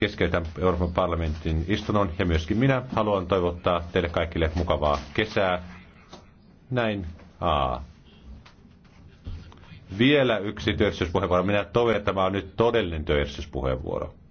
keskeytän Euroopan parlamentin istunnon ja myöskin minä haluan toivottaa teille kaikille mukavaa kesää. Näin. Aa. Vielä yksi työllisyyspuheenvuoro. Minä toivon, että tämä on nyt todellinen työllisyyspuheenvuoro.